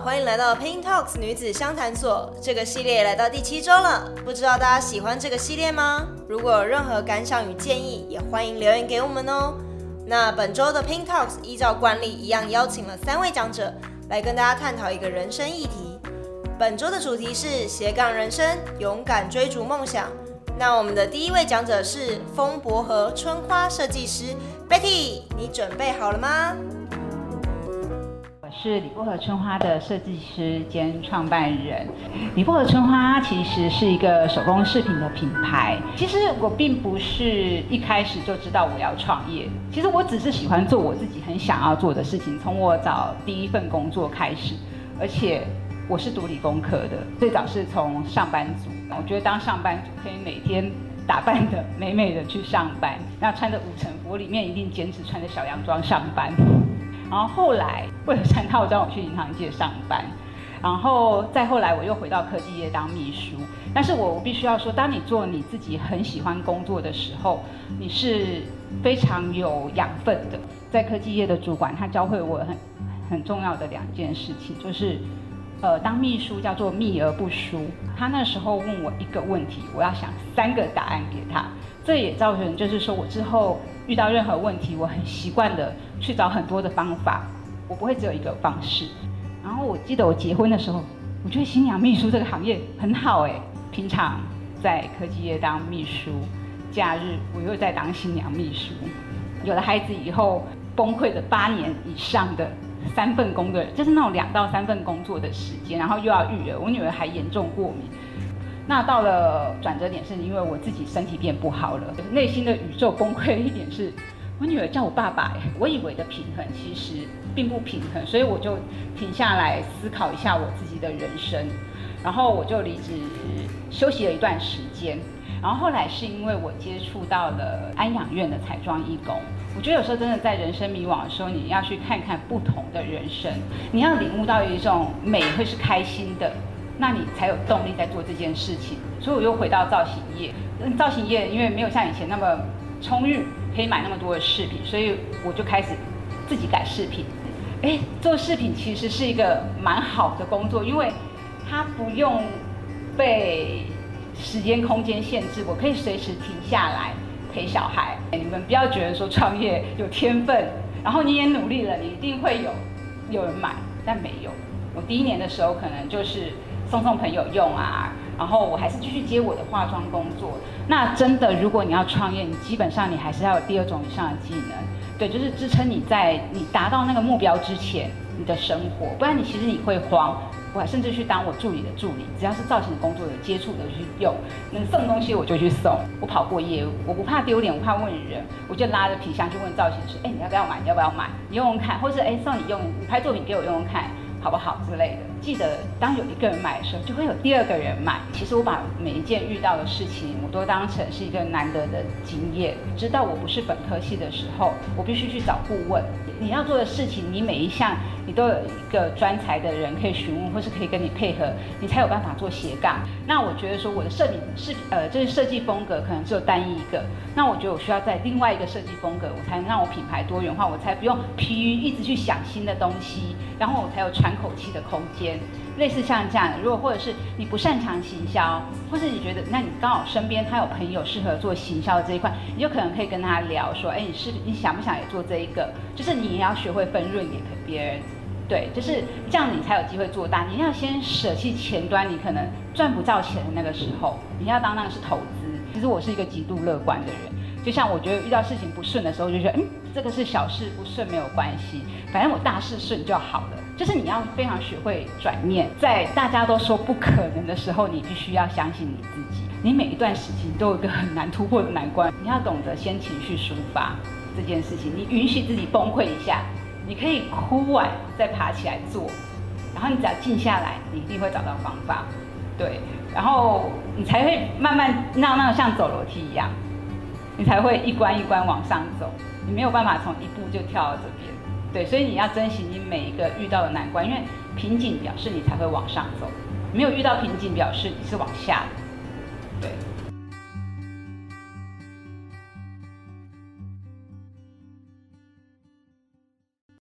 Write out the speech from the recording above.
歡迎來到 Pink Talks 女子相談所，這個系列來到第七周了，不知道大家喜歡這個系列嗎？如果有任何感想與建議，也歡迎留言給我們哦。那本周的 Pink Talks 依照慣例一樣邀請了三位講者來跟大家探討一個人生議題。本周的主題是斜槓人生，勇敢追逐夢想。那我們的第一位講者是豊泊荷.春花設計師 Betty，你準備好了嗎？是豊泊荷.春花的設計師兼創辦人。豊泊荷.春花其實是一個手工飾品的品牌。其實我並不是一開始就知道我要創業，其實我只是喜歡做我自己很想要做的事情。從我找第一份工作開始，而且我是讀理工科的，最早是從上班族。我覺得當上班族可以每天打扮得美美的去上班，那穿着五層服，我裡面一定堅持穿着小洋裝上班。然後後來為了穿套裝，讓我去銀行界上班，然後再後來我又回到科技業當秘書。但是我，我必須要說，當你做你自己很喜歡工作的時候，你是非常有養分的。在科技業的主管，他教會我很很重要的兩件事情，就是。呃，當秘書叫做秘而不疏。他那時候問我一個問題，我要想三個答案給他。這也造成，就是說我之後遇到任何問題，我很習慣的去找很多的方法，我不會只有一個方式。然後我記得我結婚的時候，我覺得新娘秘書這個行業很好哎。平常在科技業當秘書，假日我又在當新娘秘書。有了孩子以後，崩潰了八年以上的。三份工作，就是那種兩到三份工作的時間，然後又要育兒。我女兒還嚴重過敏。那到了轉折點，是因為我自己身體變不好了，內心的宇宙崩潰的一點是，我女兒叫我爸爸，我以為的平衡其實並不平衡，所以我就停下來思考一下我自己的人生，然後我就離職休息了一段時間。然後後來是因為我接觸到了安養院的彩妝義工，我覺得有時候真的在人生迷惘的時候，你要去看看不同的人生，你要領悟到一種美會是開心的，那你才有動力在做這件事情。所以我又回到造型業，造型業因為沒有像以前那麼充裕，可以買那麼多的飾品，所以我就開始自己改飾品。哎，做飾品其實是一個蠻好的工作，因為它不用被。時間空間限制，我可以隨時停下來陪小孩。你們不要覺得說創業有天分，然後你也努力了，你一定會有有人買，但沒有。我第一年的時候，可能就是送送朋友用啊，然後我還是繼續接我的化妝工作。那真的，如果你要創業，你基本上你還是要有第二種以上的技能，對，就是支撐你在你達到那個目標之前你的生活，不然你其實你會慌。我甚至去當我助理的助理，只要是造型的工作的，接觸的去用。能送東西我就去送。我跑過業務，我不怕丟臉，不怕問人，我就拉着皮箱去問造型師：“欸，你要不要買？你要不要買？你用用看，或是欸，送你用，你拍作品給我用用看，好不好？”之類的。記得，當有一個人買的時候，就會有第二個人買。其實我把每一件遇到的事情，我都當成是一個難得的經驗。直到我不是本科系的時候，我必須去找顧問。你要做的事情，你每一項你都有一個專才的人可以詢問，或是可以跟你配合，你才有辦法做斜槓。那我覺得說，我的設計是，呃，就是設計風格，可能只有單一一個。那我覺得我需要在另外一個設計風格，我才能讓我品牌多元化，我才不用疲於一直去想新的東西，然後我才有喘口氣的空間。類似像這樣，的，如果或者是你不擅長行銷，或是你覺得那你剛好身邊他有朋友適合做行銷這一塊，你就可能可以跟他聊說，哎、欸，你是你想不想也做這一個？就是你也要學會分潤給別人，對，就是這樣你才有機會做大。你要先捨棄前端你可能賺不到錢的那個時候，你要當那個是投資。其實我是一個極度樂觀的人。就像我覺得遇到事情不順的時候，就覺得嗯，這個是小事，不順沒有關係，反正我大事順就好了。就是你要非常學會轉念，在大家都說不可能的時候，你必須要相信你自己。你每一段事情都有一個很難突破的難關，你要懂得先情緒抒發這件事情。你允許自己崩潰一下，你可以哭完再爬起來做，然後你只要靜下來，你一定會找到方法，對，然後你才會慢慢鬧鬧像走樓梯一樣。你才會一關一關往上走，你沒有辦法從一步就跳到這邊，對，所以你要珍惜你每一個遇到的難關，因為瓶頸表示你才會往上走，沒有遇到瓶頸表示你是往下的，對。